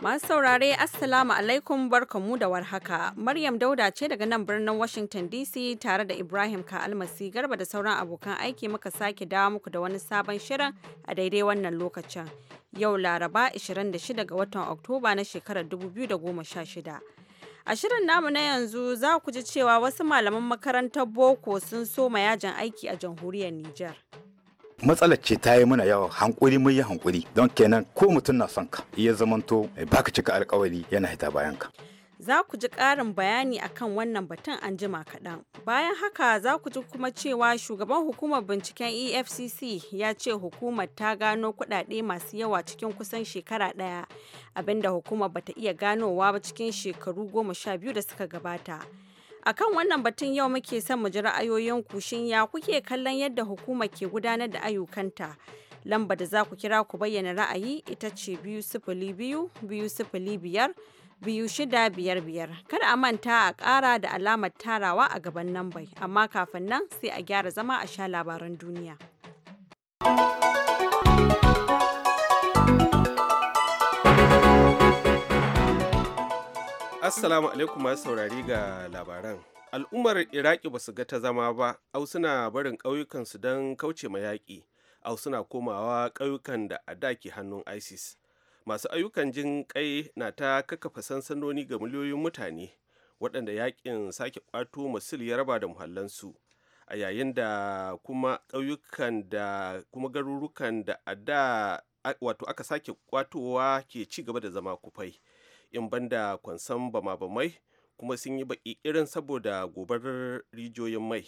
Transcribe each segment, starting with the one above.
Masu saurare Assalamu alaikum barkamu da warhaka. Maryam Dauda ce daga nan birnin Washington DC tare da Ibrahim Ka'almasi Garba da sauran abokan aiki muka sake dawo muku da wani sabon shirin a daidai wannan lokacin. Yau Laraba 26 ga watan Oktoba na shekarar 2016. A shirin namu na yanzu za ku ji cewa wasu malaman makarantar boko sun soma yajin aiki a jamhuriyar Nijar. matsalar ce ta yi mana yawa hankuri mun yi hankuri don kenan ko mutum na son ka iya zamanto eh, baka cika alkawari yana hita bayan ka za ku ji ƙarin bayani akan wannan batun an jima kaɗan. Bayan haka za ku ji kuma cewa shugaban hukumar binciken EFCC ya ce hukumar ta gano kuɗaɗe masu yawa cikin kusan shekara ɗaya, abinda hukumar bata iya ganowa ba cikin shekaru goma sha biyu da suka gabata. akan wannan batun yau muke son mu ji ra'ayoyinku shin ya kuke kallon yadda hukuma ke gudanar da ayyukanta lamba da za ku kira ku bayyana ra'ayi ita ce biyu sifili biyu biyu sifili biyar biyu shida biyar kada a manta a kara da alamar tarawa a gaban lambai amma kafin nan sai a gyara zama a sha labaran duniya. Assalamu alaikum masu saurari ga labaran. Al'ummar Iraki ba su ga ta zama ba, au suna barin ƙauyukansu don kauce ma yaƙi, au suna komawa ƙauyukan da a daki hannun ISIS. Masu ayyukan jin ƙai na ta kakkafa sansanoni ga miliyoyin mutane, waɗanda yaƙin sake ƙwato masul ya raba da muhallansu. A yayin da kuma ƙauyukan da kuma garurukan da a da wato aka sake ƙwatowa ke ci gaba da zama kufai. in banda kwansan bama-bamai kuma sun yi baƙi irin saboda gobarar rijiyoyin mai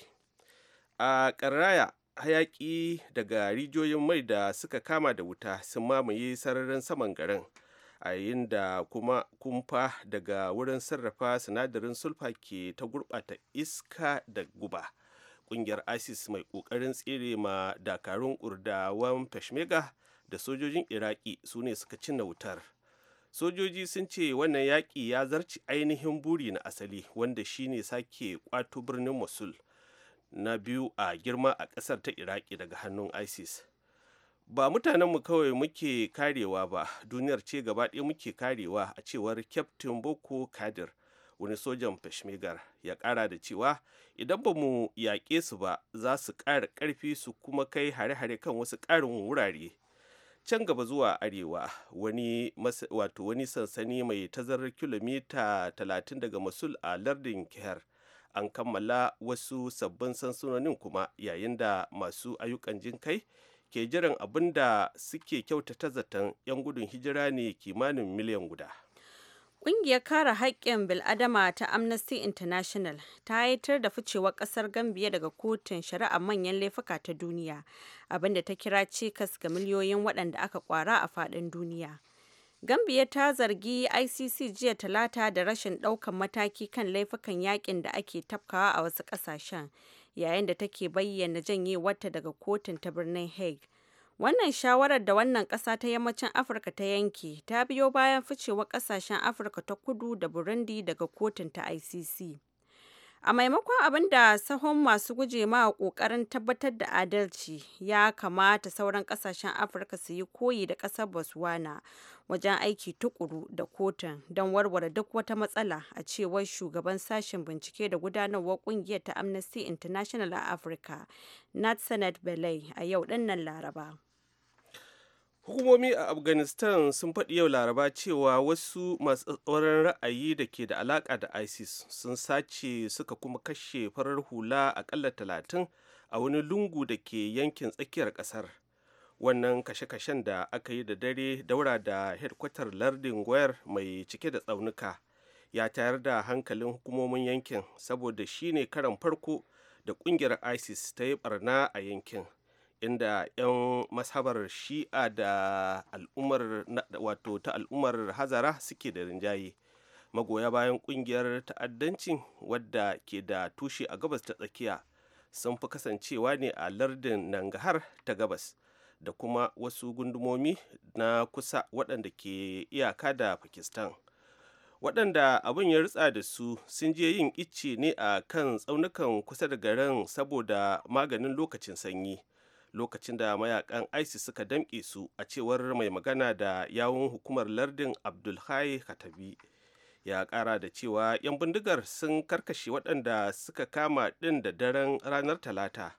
a ƙaraya hayaƙi daga rijiyoyin mai da suka kama da wuta sun mamaye sararin saman garin a yayin da kuma kumfa daga wurin sarrafa sinadarin sulfa ke ta gurɓata iska da guba ƙungiyar isis mai ƙoƙarin tsere ma dakarun urdawan peshmerga da sojojin iraki su ne suka cinna wutar sojoji sun ce wannan yaƙi ya zarci ainihin buri na asali wanda shine sake kwato birnin mosul na biyu a girma a ƙasar ta iraki daga hannun isis ba mutanenmu kawai muke karewa ba duniyar ce gaba ɗaya muke karewa a cewar kyaftin boko kadir wani sojan peshmergar ya ƙara da cewa idan ba mu yaƙe su ba za su ƙara ƙarfi su kuma kai hare-hare kan wasu ƙarin wurare can gaba zuwa arewa wani wato wani sansani mai tazarar kilomita 30 daga masul a lardin kihar an kammala wasu sabbin sansanonin kuma yayin da masu ayyukan jin kai ke jiran abun da suke kyautata zaton 'yan gudun hijira ne kimanin miliyan guda Ƙungiyar kare haƙƙin bil'adama ta Amnesty International ta haitar da ficewar ƙasar Gambia daga kotun shari'ar manyan laifuka ta duniya, abinda ta kira cikas ga miliyoyin waɗanda aka kwara a faɗin duniya. Gambia ta zargi ICC jiya talata da rashin ɗaukan mataki kan laifukan yaƙin da ake tafkawa a wasu ƙasashen, yayin da take bayyana janyewarta daga kotun ta birnin Hague. Wannan shawarar da wannan ƙasa ta yammacin Afirka ta yanke ta biyo bayan ficewar ƙasashen Afirka ta Kudu da Burundi daga kotun ta ICC. A maimakon abin da sahun masu guje ma ƙoƙarin tabbatar da adalci, ya kamata sauran ƙasashen Afirka su yi koyi da ƙasar Botswana wajen aiki tukuru da kotun don warware duk wata matsala a cewar shugaban sashen bincike da gudanarwar ƙungiyar ta Amnesty International a Afirka, Natsanet Belay a yau dinnan Laraba. hukumomi a afghanistan sun faɗi yau laraba cewa wasu masu tsatsauran ra'ayi da ke da alaƙa da isis sun sace suka kuma kashe farar hula aƙalla talatin a wani lungu da ke yankin tsakiyar ƙasar wannan kashe-kashen da aka yi da dare daura da hedkwatar lardin gwayar mai cike da tsaunuka ya tayar da hankalin hukumomin yankin saboda shine karan farko da ƙungiyar isis ta yi barna a yankin inda 'yan mashabar shi'a da al'ummar wato ta al'ummar hazara suke da rinjaye magoya bayan kungiyar ta'addanci wadda ke da tushe a gabas ta tsakiya sun fi kasancewa ne a lardin nangahar ta gabas da kuma wasu gundumomi na kusa waɗanda ke iyaka da pakistan waɗanda abin ya ritsa da su sun je yin icce ne a kan tsaunukan kusa da garin saboda maganin lokacin sanyi lokacin da mayakan isis suka damƙe su a cewar mai magana da yawun hukumar lardin abdulhai katabi ya ƙara da cewa 'yan bindigar sun karkashe waɗanda suka kama ɗin da daren ranar talata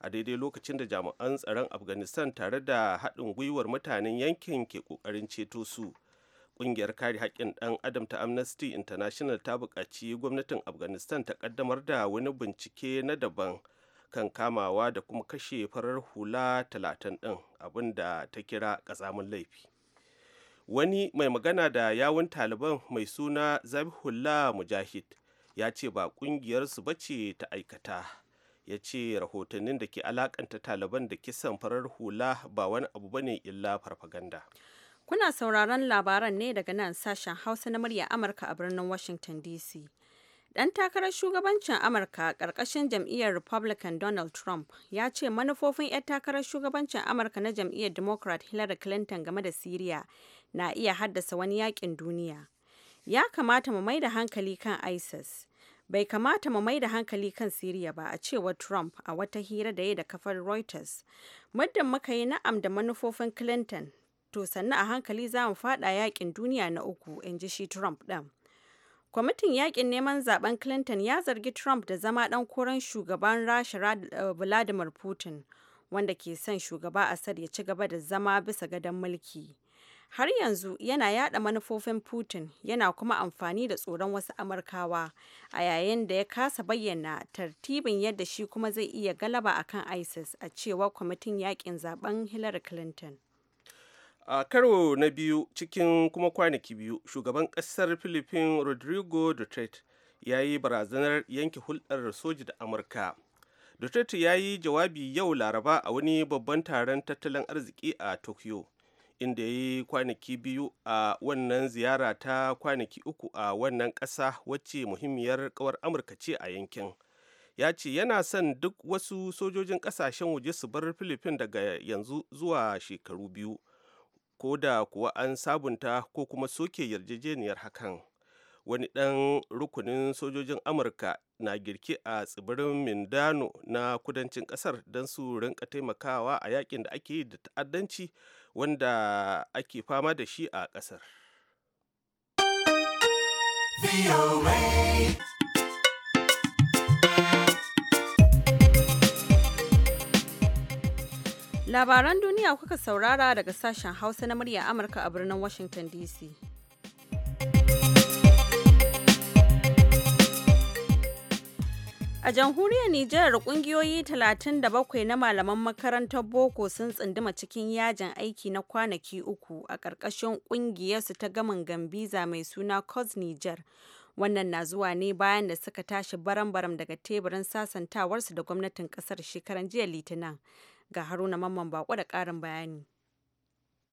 a daidai lokacin da jami'an tsaron afghanistan tare da haɗin gwiwar mutanen yankin ke ƙoƙarin ceto su ƙungiyar kare haƙƙin ɗan adam ta amnesty international ta buƙaci gwamnatin afghanistan ta ƙaddamar da wani bincike na daban kan kamawa da kuma kashe farar hula talatin ɗin abin da ta kira ƙazamin laifi wani mai magana da yawun taliban mai suna zabihullah mujahid ya ce ba ƙungiyarsu ba ce ta aikata ya ce rahotannin da ke alakanta taliban da kisan farar hula ba wani abu bane illa farfaganda kuna sauraron labaran ne daga nan sashen hausa na murya amurka a birnin washington dc Dan takarar shugabancin Amurka ƙarƙashin jam'iyyar Republican Donald Trump ya ce manufofin 'yan takarar shugabancin Amurka na jam'iyyar Democrat Hillary Clinton game da Siriya na iya haddasa wani yakin duniya. Ya kamata mu mai da hankali kan ISIS. Bai kamata mu mai da hankali kan Siriya ba a cewar Trump a wata hira da ya da kafar Reuters. Muddin muka yi na'am da manufofin Clinton, to sannu a hankali za mu faɗa yakin duniya na uku, in ji shi Trump ɗin. Kwamitin yakin neman zaben Clinton ya zargi Trump da zama ɗan koren shugaban Rasha eh, Vladimir Putin, wanda ke son shugaba Assad ya ci gaba da zama bisa gadon mulki. Har yanzu yana yada manufofin Putin yana kuma amfani da tsoron wasu Amurkawa a yayin da ya kasa bayyana tartibin yadda shi kuma zai iya galaba akan ISIS a cewa kwamitin yakin zaben Hillary Clinton. a karo na biyu cikin kuma kwanaki biyu shugaban kasar philippine rodrigo duterte ya yi barazanar yanke hulɗar soji da amurka duterte ya yi jawabi yau laraba a wani babban taron tattalin arziki a tokyo inda ya yi kwanaki biyu a wannan ziyara ta kwanaki uku a wannan ƙasa wacce muhimmiyar kawar amurka ce a yankin ya ce yana son duk wasu sojojin ƙasashen waje su bar filifin daga yanzu zuwa shekaru biyu ko da kuwa an sabunta ko kuma soke yarjejeniyar hakan wani ɗan rukunin sojojin amurka na girki a tsibirin mindano na kudancin ƙasar don su rinka taimakawa a yakin da ake yi da ta'addanci wanda ake fama da shi a ƙasar. Labaran duniya kuka saurara daga sashen Hausa na murya Amurka a birnin Washington DC. A jamhuriyar Nijar kungiyoyi 37 na malaman makarantar boko sun tsunduma cikin yajin aiki na kwanaki uku a ƙarƙashin ƙungiyarsu ta gaman gambiza mai suna Cos Nijar. Wannan na zuwa ne bayan da suka tashi baram-baram daga teburin sasantawarsu da gwamnatin ƙasar shekaran jiya Litinin. Ga Haruna Mamman Bako da ƙarin bayani.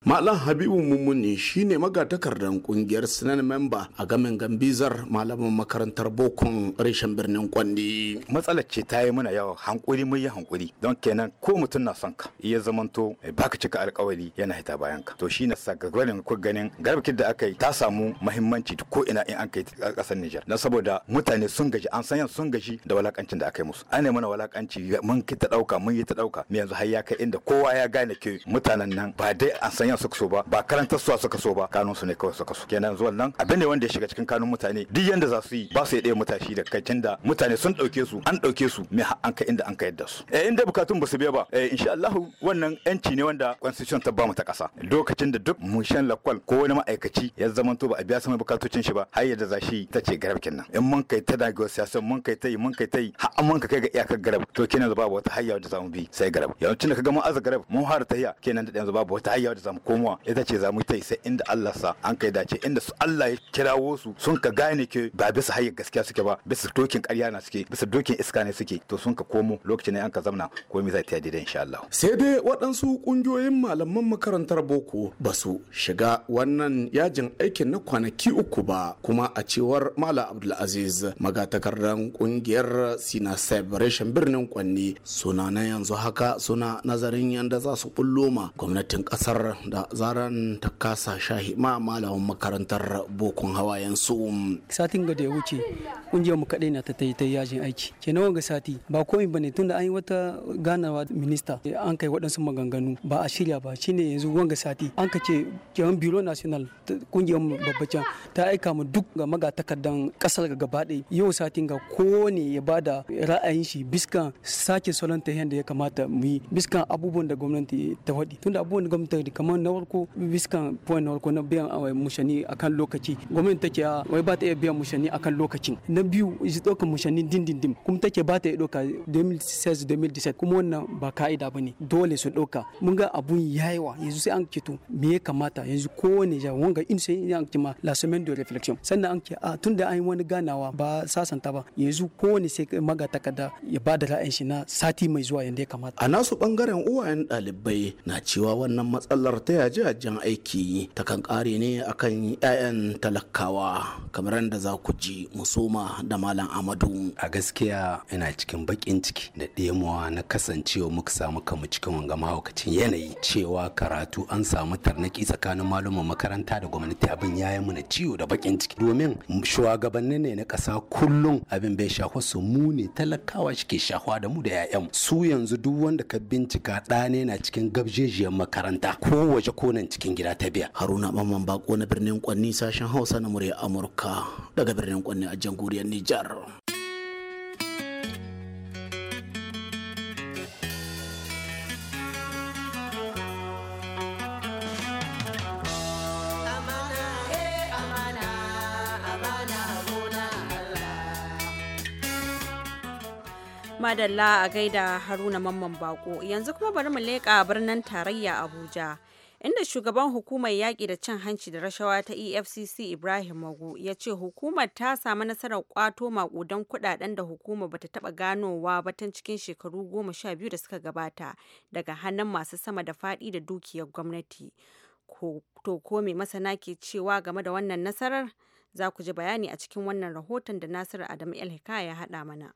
Malam Habibu Mummuni shine magatakardan kungiyar Sinan memba a gamin Gambizar malamin makarantar Bokon reshen birnin Kwandi. Matsalar ce ta yi mana yawa hankuri mun yi hankuri don kenan ko mutum na son ka iya zamanto baka cika alkawari yana hita bayan ka. To shine gagarin ku ganin garbakin da aka yi ta samu muhimmanci ko ina in an kai kasar Nijar. Na saboda mutane sun gaji an san sun gaji da walakancin da aka yi musu. An mana walakanci mun ki ta dauka mun yi ta dauka. Me yanzu har ya kai inda kowa ya gane ke mutanen nan ba dai an san hanya suka so ba ba karantar suwa suka so ba kanun su ne kawai suka so kenan zuwan nan abin ne wanda ya shiga cikin kanun mutane duk yanda za su yi ba su ɗaya mutashi da kai da mutane sun ɗauke su an ɗauke su me an ka inda an ka yadda su eh inda bukatun ba su biya ba eh insha Allah wannan yanci ne wanda constitution ta ba mu ta ƙasa lokacin da duk mun shan lakwal ko wani ma'aikaci ya zamanto ba a biya sama bukatocin shi ba har yadda za shi ta ce garabkin nan in mun kai ta dagewa siyasar mun kai ta yi mun kai ta yi har mun ka kai ga iyakar garab to kenan babu wata hayya da za mu bi sai garab yawancin da ga mun aza garab mun har hayya kenan da yanzu babu wata hayya da za mu komowa ita ce za mu ta sai inda Allah sa an kai dace inda su Allah ya kirawo su sun ka gane ke ba bisa hayya gaskiya suke ba bisa dokin ƙarya na suke bisa dokin iska ne suke to sun ka komo lokacin ne an ka zamna komai zai ta daidai insha Allah sai dai waɗansu ƙungiyoyin malaman makarantar boko ba su shiga wannan yajin aikin na kwanaki uku ba kuma a cewar Malam Abdulaziz magatakardan ƙungiyar Sina Celebration birnin Kwanni suna na yanzu haka suna nazarin yanda za su bullo ma gwamnatin ƙasar da zaran ta kasa shahi ma malamin makarantar bokun Hawa, su satin ga da ya wuce kungiyar mu kadai na ta ta ta yajin aiki nawa ga sati ba komai bane tunda an yi wata ganawa minista an kai waɗansu maganganu ba a shirya ba shine yanzu wanga sati an ka ce kewan biro national kungiyar mu ta aika mu duk ga magatakardan kasar ga gaba yau satin ga ne ya bada ra'ayin shi biskan sake solanta ta ya kamata mu yi biskan abubuwan da gwamnati ta faɗi tunda abubuwan da gwamnati kamar amma na farko biskan point na farko na biyan eh, mushani akan lokaci gwamnati take ah, wai ba ta iya biyan mushani akan lokacin na biyu shi ɗaukar mushani dindindim kuma take ba ta iya ɗauka 2016 2017 kuma wannan ba ka'ida ba ne dole su ɗauka mun ga abun yayiwa yanzu sai an kito me ya kamata yanzu kowane ja wanga in sai an kima la semaine de reflection sannan an ke a ah, tun tunda an yi wani ganawa ba sasanta ba yanzu kowane sai maga takarda ya ba da ra'ayin shi na sati mai zuwa yanda ya kamata a nasu bangaren uwayen ɗalibai na cewa wannan matsalar ta a jan aiki takan kare ne akan 'ya'yan talakawa kamar da za ku ji musoma da malam amadu a gaskiya ina cikin bakin ciki da ɗemawa na kasancewa muka samu kamu cikin wanga mahaukacin yanayi cewa karatu an samu tarnaki tsakanin malumin makaranta da gwamnati abin ya yi mana ciwo da bakin ciki domin shugabanni ne na ƙasa kullum abin bai shafa su mu ne talakawa shike shafa da mu da 'ya'yan su yanzu duk wanda ka bincika ɗane na cikin gabjejiyar makaranta ko waje konan cikin gida ta biya haruna mamman bako na birnin kwanni sashen hausa na murya amurka daga birnin kwanni a jamhuriyar nijar madalla a gaida haruna mamman bako yanzu kuma bari mu leƙa birnin tarayya abuja inda shugaban hukumar yaƙi da cin hanci da rashawa ta efcc ibrahim magu ya ce hukumar ta samu nasarar kwato maƙudan kuɗaɗen da hukumar bata taɓa ganowa ba tun cikin shekaru goma sha biyu da suka gabata daga hannun masu sama da faɗi da dukiyar gwamnati to ko mai masana ke cewa game da wannan nasarar za ku ji bayani a cikin wannan rahoton da nasiru adamu el hikaya ya haɗa mana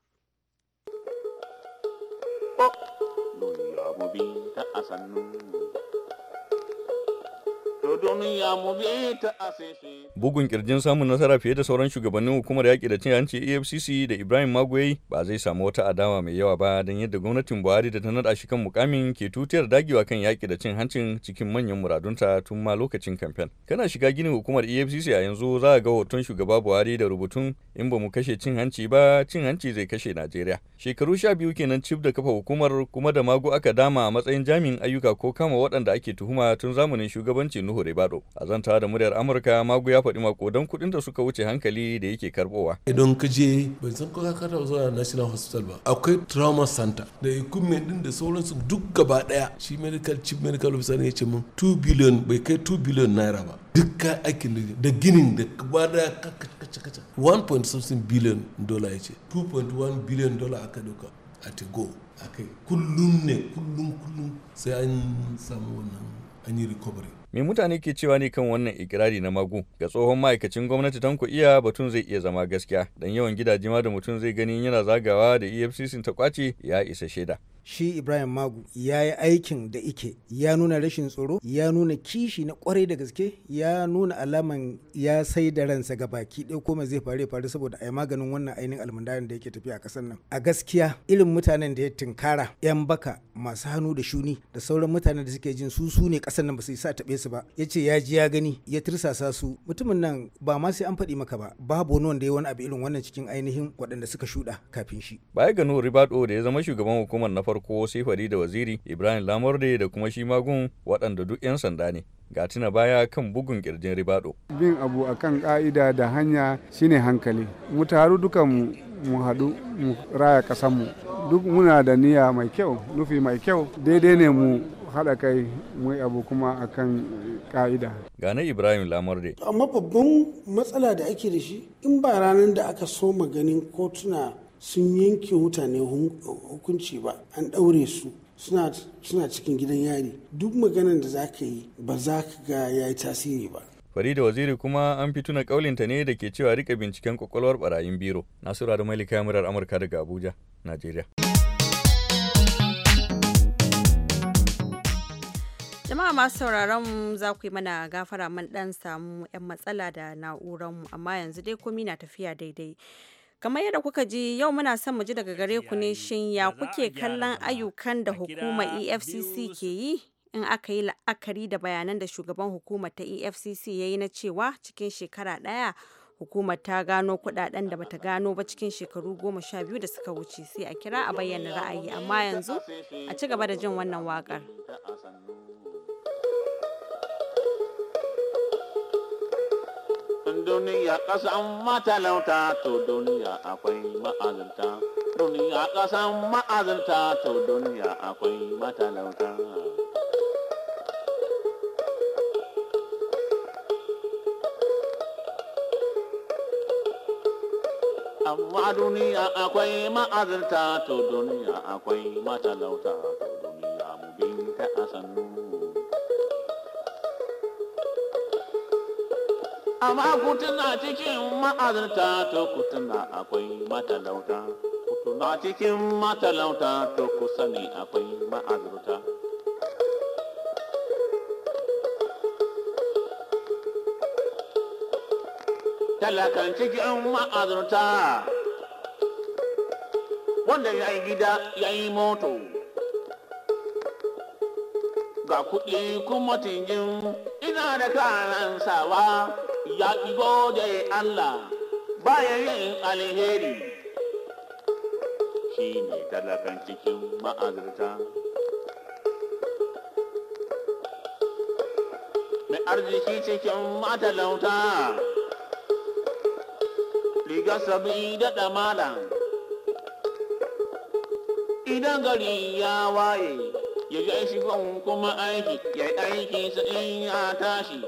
Bugun kirjin samun nasara fiye da sauran shugabannin hukumar yaƙi da cin hanci EFCC da Ibrahim Magwai ba zai samu wata adawa mai yawa ba don yadda gwamnatin Buhari da ta naɗa shi kan mukamin ke tutiyar dagewa kan yaƙi da cin hancin cikin manyan muradunta tun ma lokacin kamfen. Kana shiga ginin hukumar EFCC a yanzu za a ga hoton shugaba Buhari da rubutun in ba mu kashe cin hanci ba cin hanci zai kashe Najeriya. Shekaru sha biyu kenan cif da kafa hukumar kuma da mago aka dama a matsayin jami'in ayyuka ko kama waɗanda ake tuhuma tun zamanin shugabancin Nuhu Salihu Ribado. A zanta da muryar Amurka Magu ya faɗi makodan kuɗin da suka wuce hankali da yake karɓowa. Idan ka je ban san ko ka karɓa zuwa National Hospital ba. Akwai trauma center da equipment din da sauransu duk gaba ɗaya. Shi medical chief medical officer ne ya ce min 2 billion bai kai 2 billion naira ba. dukkan aikin da ginin da gaba da kaca-kaca 1.7 billion dola ya ce 2.1 billion dola aka dauka a go a kai kullum ne kullum kullum sai an samu wannan an yi recovery Me mutane ke cewa ne kan wannan ikirari na magu? Ga tsohon ma'aikacin gwamnati Tanko Iya batun zai iya zama gaskiya. Dan yawan gidaje ma da mutum zai gani yana zagawa da EFCC ta kwace ya isa shaida. shi ibrahim magu ya yi aikin da ike ya nuna rashin tsoro ya nuna kishi na kwarai da gaske ya nuna alaman ya sai da ransa ga baki ɗaya koma zai faru ya faru saboda a yi maganin wannan ainihin almundarin da yake tafiya a ƙasar nan a gaskiya irin mutanen da ya tinkara yan baka masu hannu da shuni da sauran mutanen da suke jin su su ne ƙasar nan ba su sa taɓe su ba ya ce ya ji ya gani ya tirsasa su mutumin nan ba ma sai an faɗi maka ba babu wani wanda ya wani abu irin wannan cikin ainihin waɗanda suka shuɗa kafin shi. baya ga nuhu ribado da ya zama shugaban hukumar na farko farko fari da waziri ibrahim lamorde da kuma shi magun waɗanda duk 'yan sanda ne ga tuna baya kan bugun kirjin ribado bin abu a kan ƙa'ida da hanya shine hankali mu taru duka mu haɗu mu raya ƙasanmu duk muna da niyya mai kyau nufi mai kyau daidai ne mu haɗa kai mu abu kuma a akan ka'ida. Gane Ibrahim Lamarde. Amma babban matsala da ake da shi in ba ranar da aka so maganin kotuna sun yanke mutane hukunci ba an ɗaure su suna cikin gidan yari duk maganar da za ka yi ba za ka ga ya yi tasiri ba da Waziri kuma an fituna kaulinta ne da ke cewa rika binciken kwakwalwar barayin biro. Nasura da maili Murar Amurka daga Abuja, Najeriya. Jama'a masu sauraron za ku yi mana gafara mun dan samu 'yan matsala da na'uranmu amma yanzu dai komi na tafiya daidai. Kamar yadda kuka ji yau muna son mu ji daga gare ku ne shin ya kuke kallon ayyukan da hukumar EFCC ke yi in aka yi la'akari da bayanan da shugaban hukumar ta EFCC ya yi na cewa cikin shekara daya hukumar ta gano kudaden da bata gano ba cikin shekaru goma sha biyu da suka wuce sai a kira a bayyana ra'ayi amma yanzu a ci gaba da jin wannan waƙar. duniya ƙasan matalauta to duniya akwai ma'azinta duniya ƙasan ma'azinta to duniya akwai matalauta amma duniya akwai ma'azinta to duniya akwai matalauta to duniya mu binta a sannu amma kutuna cikin ma'azinta to kutuna akwai matalauta ku cikin matalauta to kusa ne akwai ma'azinta talakan cikin ma'azinta wanda ya yi gida ya yi moto ga kuɗi kuma tingin ina da kanan sawa ya ki gode Allah bayan yin alheri shi ne talakan cikin ma'azarta mai arziki cikin matalauta riga sabi da damala idan gari ya waye ya ga kuma aiki ya aiki sa in ya tashi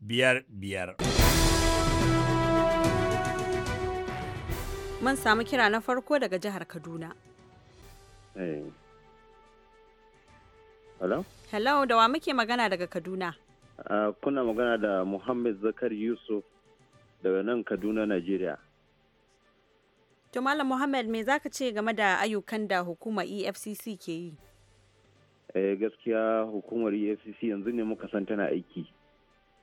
biyar biyar. Mun samu kira na farko daga jihar Kaduna. Eh. Hello? Hello, da wa muke magana daga Kaduna? Ah, kuna magana da Muhammad Zakar Yusuf daga nan Kaduna, Najeriya. To Malam Muhammad me ka ce game da ayyukan da hukumar EFCC ke yi? Eh gaskiya hukumar EFCC yanzu ne muka san tana aiki.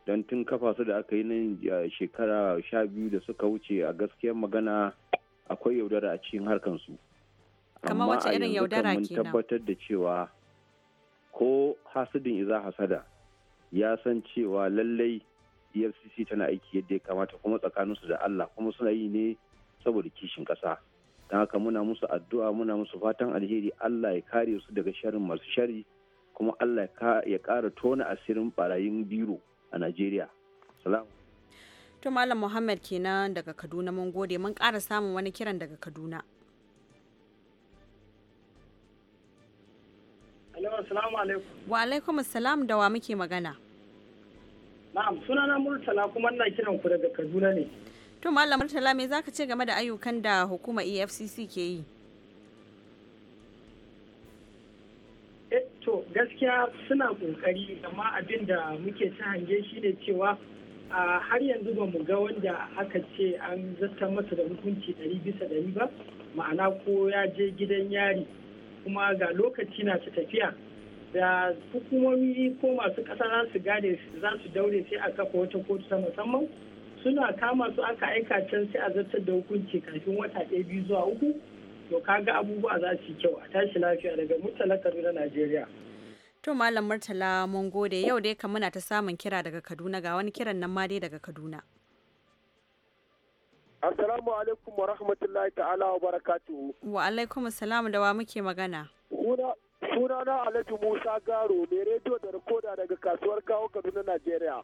don tun kafa su da aka yi nan shekara sha biyu da suka wuce a gaskiyar magana akwai yaudara a cikin harkan amma kamar wace irin tabbatar da cewa ko hasidin iza hasada ya san cewa lallai efcc tana aiki yadda ya kamata kuma tsakaninsu da allah kuma suna yi ne saboda kishin ƙasa don haka muna musu addu'a muna musu fatan alheri allah ya kare su daga sharrin masu shari kuma allah ya kara tona asirin barayin biro a Najeriya. Salam. To Malam Muhammad kenan daga Kaduna mun gode mun ƙara samun wani kiran daga Kaduna. Wa alaikum salam da wa muke magana. Na'am sunana Murtala kuma ina kiran ku daga Kaduna ne. To Malam Murtala me zaka ce game da ayyukan da hukumar EFCC ke yi? to gaskiya suna kokari amma abin da muke ta hange shi ne cewa har yanzu ba mu ga wanda aka ce an zartar masa da hukunci ɗari bisa ɗari ba ma'ana ko ya je gidan yari kuma ga lokaci na ta tafiya da hukumomi ko masu ƙasa za su gane za su daure sai a kafa wata kotu ta musamman suna kama su aka aika can sai a zartar da hukunci kafin wata ɗaya biyu zuwa uku to ga abubuwa za su yi kyau a tashi lafiya daga murtala kaduna najeriya to malam murtala mun gode yau dai ka muna ta samun kira daga kaduna ga wani kiran nan ma dai daga kaduna assalamu alaikum wa rahmatullahi ta'ala wa barakatuhu wa alaikum assalam da wa muke magana suna na alhaji musa garo mai rediyo da rikoda daga kasuwar kawo kaduna najeriya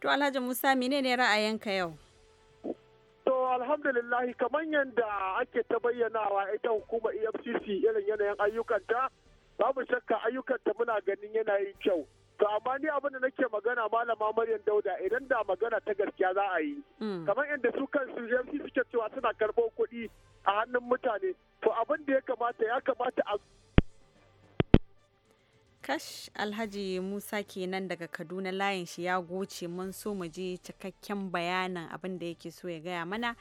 to alhaji musa menene ra'ayinka yau To alhamdulillahi kamar yadda ake ta bayyanawa ita hukumar EFCC irin yanayin ayyukanta babu shakka ayyukanta muna ganin yanayin kyau. To amma ni abin da nake magana malama Maryam Dauda idan da magana ta gaskiya za a yi. Mm. Kamar yadda su kansu EFCC suke cewa suna karɓo kuɗi a hannun mutane. To abin da ya kamata ya kamata a Kash Alhaji Musa kenan daga Kaduna layin shi ya goce mun so mu je cikakken bayanin abin da yake so ya gaya mana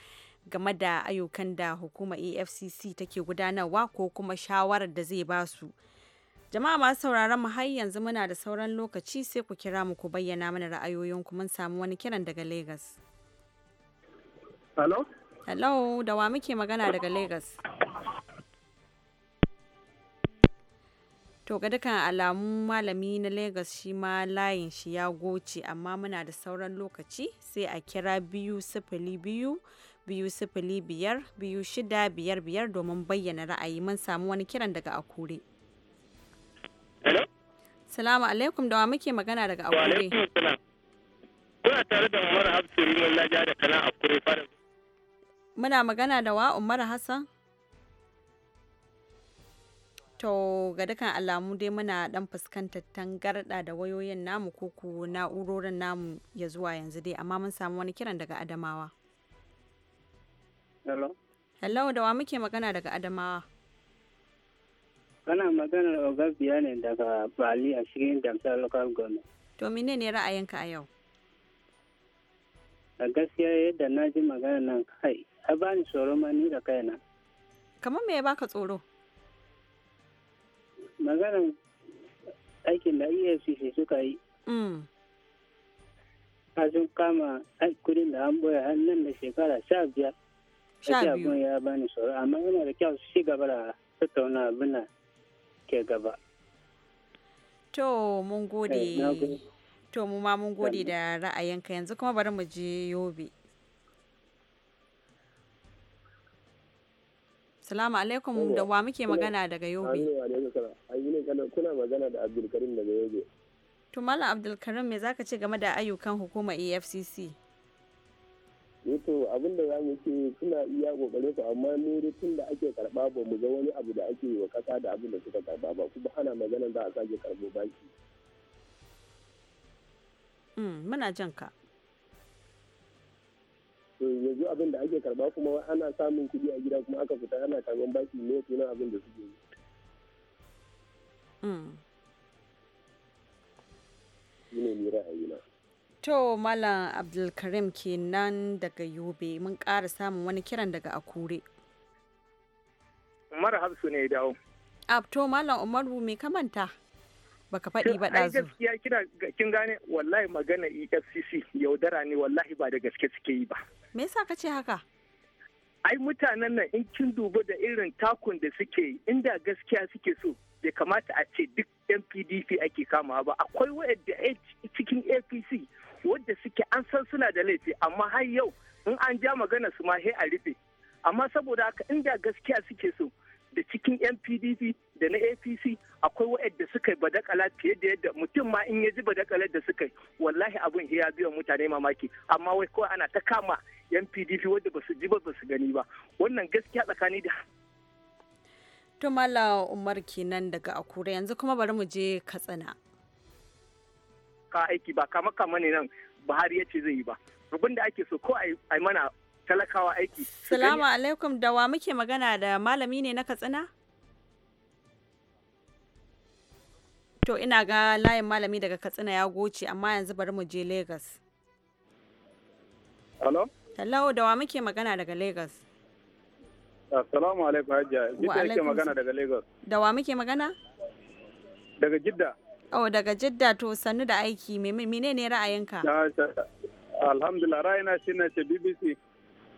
game da ayyukan da hukumar AFCC take gudanarwa ko kuma shawarar da zai ba su. Jama'a masu sauraron mu har yanzu muna da sauran lokaci sai ku kira mu ku bayyana mana ra'ayoyinku mun samu wani kiran daga Lagos. Hello? Hello, da wa muke magana daga Lagos? To ga dukkan alamun malami na lagos shi ma layin shi ya goce amma muna da sauran lokaci sai a kira biyu sifili biyu biyu sifili biyar biyu shida biyar biyar domin bayyana ra'ayi mun samu wani kiran daga Akure. Salamu alaikum da wa muke magana daga Akure. Kuna tare da Umar Hafsu Rimin Laja da Kana Akure Farin. Muna magana da wa Umar Hassan? To ga dukkan alamu dai muna dan fuskantar tangarɗa da wayoyin namu kuku na'urorin namu ya zuwa yanzu dai amma mun samu wani kiran daga Adamawa. Hello. Hello da wa muke magana daga Adamawa? Kana magana da ne daga Bali a cikin Damsa Local Government. To mene ne ra'ayinka a yau? A gaskiya yadda na ji magana nan kai, a bani tsoro ma ni da kaina. Kamar me ya baka tsoro? maganan aikin da efcc suka yi mm. a sun kama kudin da an boye hannun nan da shekara sha biyar sha biyu ya bani tsoro amma yana da kyau su gaba da tattauna abin da ke gaba to mun gode eh, to mu ma mun gode da ra'ayinka yanzu kuma bari mu je yobe salamu alaikum da wa muke magana daga yobe kuna magana da Abdulkarim daga Yobe. tumala Abdulkarim me zaka ce game da ayyukan hukumar EFCC? Yato eh abin da za mu ce suna iya kokarin su amma mu da tun da ake karba ba mu ga wani abu da ake yi wa kasa da abin da suka karba ba kuma ana magana za a sake karbo baki. Mm, muna jan ka. yanzu abin da ake karba kuma ana samun kuɗi a gida kuma aka fita ana karban baki ne tunan abin da suke yi. to malam abdulkarim kenan daga yobe mun ƙara samun wani kiran daga akure umar Habsu ne dawo abto malam umaru me kamanta baka faɗi ba ɗazu. gaskiya kira kin gane wallahi magana EFCC yaudara ne wallahi ba da gaske suke yi ba. Me yasa ka ce haka? ai mutanen nan in kin duba da irin takun da suke inda gaskiya suke so bai kamata a ce duk yan pdp ake kama ba akwai wa'adda eh, cikin apc wadda suke an san suna da laifi amma har yau in an ja magana su ma he a rufe amma saboda haka inda gaskiya suke so cikin yan da na apc akwai waɗanda suka yi badakala fiye da yadda mutum ma in ya ji badakalar da suka yi wallahi abun ya biyan mutane mamaki amma wai kawai ana ta kama yan pdp wadda ba su ji ba su gani ba wannan gaskiya tsakani da to mala umar kenan daga akure yanzu kuma bari mu je katsina ka aiki ba kama kama ne nan buhari ya ce zai yi ba abin da ake so ko a mana talakawa aiki. Salamu alaikum da wa muke magana da malami ne na Katsina? To ina ga layin malami daga Katsina ya goce amma yanzu bari mu je Lagos. Hello? Hello da wa muke magana daga Lagos? Assalamu alaikum Hajiya. Jidda yake magana daga Lagos. Da wa muke magana? Daga Jidda. Oh daga Jidda to sannu da aiki menene ra'ayinka? Alhamdulillah ra'ayina shine ce BBC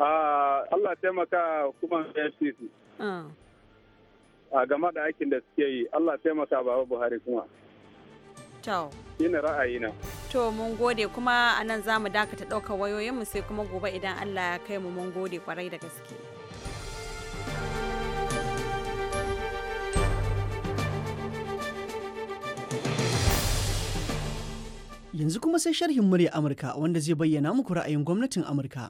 Allah taimaka kuma FCC. A game da aikin da suke yi, Allah taimaka Baba Buhari kuma. Tau. Ina ra'ayina. To mun gode kuma a nan za mu dakata ɗaukar wayoyinmu sai kuma gobe idan Allah ya kai mu mun gode kwarai da gaske. Yanzu kuma sai sharhin murya Amurka wanda zai bayyana muku ra'ayin gwamnatin Amurka.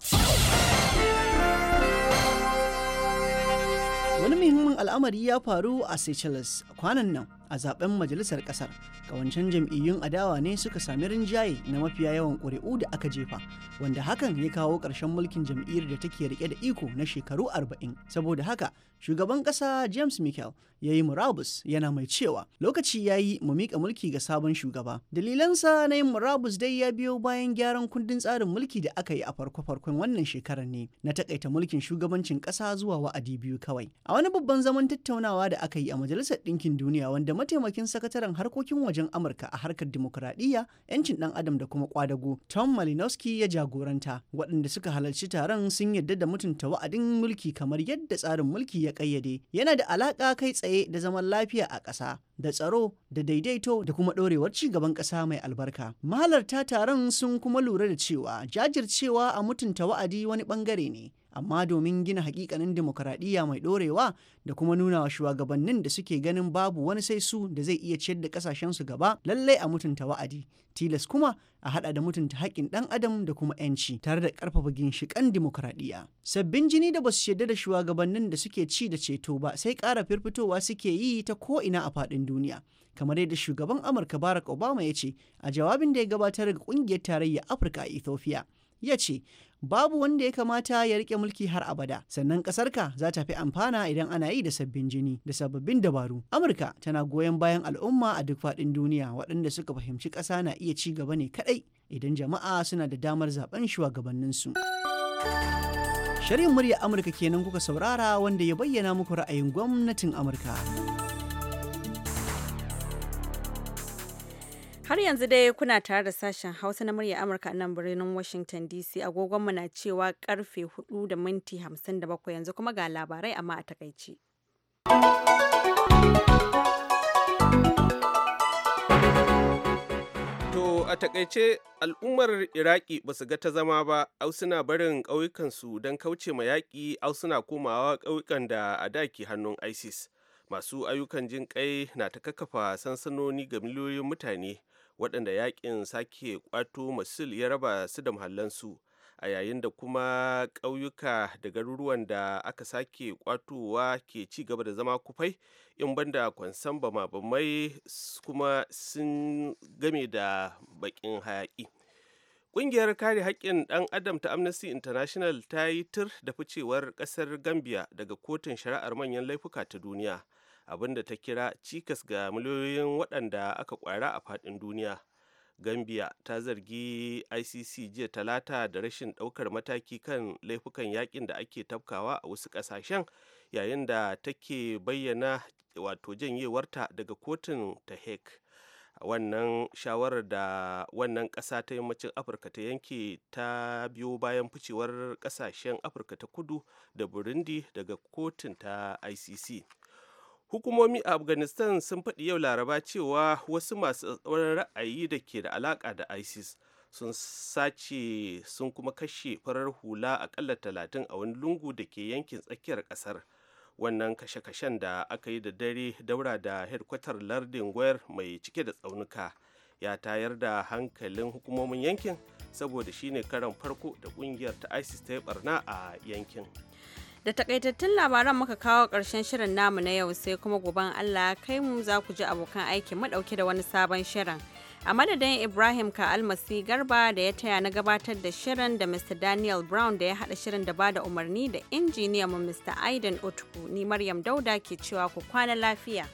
al'amari ya faru a Seychelles kwanan nan a zaben majalisar kasar. kawancan jam'iyyun adawa ne suka sami rinjaye na mafiya yawan ƙuri'u da aka jefa wanda hakan ya kawo ƙarshen mulkin jam'iyyar da take rike da iko na shekaru 40 saboda haka shugaban ƙasa james michael ya yi murabus yana mai cewa lokaci ya yi mu mika mulki ga sabon shugaba dalilansa na yin murabus dai ya biyo bayan gyaran kundin tsarin mulki da aka yi a farko-farkon wannan shekarar ne na takaita mulkin shugabancin ƙasa zuwa wa'adi biyu kawai a wani babban zaman tattaunawa da aka yi a majalisar ɗinkin duniya wanda mataimakin sakataren harkokin waje wajen Amurka a harkar dimokuraɗiyya, 'yancin ɗan adam da kuma kwadago. Tom Malinowski ya jagoranta, waɗanda suka halarci taron sun yarda da mutunta wa'adin mulki kamar yadda tsarin mulki ya ƙayyade. Yana da alaƙa kai tsaye da zaman lafiya a ƙasa, da tsaro, da daidaito, da kuma ɗorewar ci gaban ƙasa mai albarka. Mahalarta taron sun kuma lura da cewa jajircewa a mutunta wa'adi wani ɓangare ne. amma domin gina hakikanin demokaradiyya mai ɗorewa da kuma nunawa wa shugabannin da suke ganin babu wani sai su da zai iya ciyar da kasashen su gaba lallai a mutunta wa'adi tilas kuma a hada da mutunta haƙƙin ɗan adam da kuma 'yanci tare da karfafa ginshikan demokaradiyya sabbin jini da basu yarda da shugabannin da suke ci da ceto ba sai kara firfitowa suke yi ta ko ina a faɗin duniya kamar yadda shugaban amurka barack obama ya ce a jawabin da ya gabatar ga ƙungiyar tarayyar afirka a ethiopia ya ce babu wanda ya kamata ya rike mulki har abada sannan ƙasarka za ta fi amfana idan ana yi da sabbin jini da sababbin dabaru amurka tana goyon bayan al'umma a duk faɗin duniya waɗanda suka fahimci ƙasa na iya ci gaba ne kaɗai idan jama'a suna da damar zaben shugabanninsu. Shirin murya Amurka kenan kuka saurara wanda ya bayyana muku ra'ayin gwamnatin Amurka. Har yanzu dai kuna tare da sashen Hausa na murya Amurka nan birnin Washington DC agogonmu na cewa karfe 4 da minti 57 yanzu kuma ga labarai amma a takaici To a takaice al'ummar Iraki ba su ga ta zama ba, au suna barin ƙauyukansu don kauce ma yaƙi, au suna komawa ƙauyukan da a daki hannun ISIS. Masu ayyukan jin ƙai na ta kakkafa sansanoni ga miliyoyin mutane waɗanda yakin sake kwato masul ya raba su da muhallansu a yayin da kuma ƙauyuka da garuruwan da aka sake kwatowa ke ci gaba da zama kufai in banda kwansan ba bamai kuma sun game da bakin hayaƙi Ƙungiyar kare haƙƙin ɗan adam ta Amnesty International ta yi tur da ficewar ƙasar Gambia daga kotun shari'ar manyan laifuka ta duniya abinda ta kira cikas ga miliyoyin waɗanda aka kwara a faɗin duniya gambia ta zargi icc jiya talata da rashin ɗaukar mataki kan laifukan yakin da ake tafkawa a wasu ƙasashen yayin da take bayyana wato janyewarta daga kotun ta hek wannan shawarar da wannan ƙasa ta yammacin afirka ta yanke ta biyo bayan ficewar ƙasashen afirka ta kudu da burundi daga kotun ta icc hukumomi a afghanistan sun faɗi yau laraba cewa wasu masu tsawon ra'ayi da ke da alaƙa da isis sun sace sun kuma kashe farar hula akalla talatin a wani lungu da ke yankin tsakiyar ƙasar wannan kashe-kashen da aka yi da dare daura da hedkwatar lardin gwayar mai cike da tsaunuka ya tayar da hankalin hukumomin yankin saboda shine karan farko da kungiyar ta isis ta yi barna a yankin Da takaitattun labaran muka kawo ƙarshen shirin namu na yau sai kuma goban Allah kai mu za ku ji abokan aiki madauke da wani sabon shirin. A madadin Ibrahim ka almasi garba da ya taya na gabatar da shirin da Mr. Daniel Brown da ya haɗa shirin da bada umarni da injiniyan Mr. Aidan utku ni Maryam Dauda ke cewa ku kwana lafiya.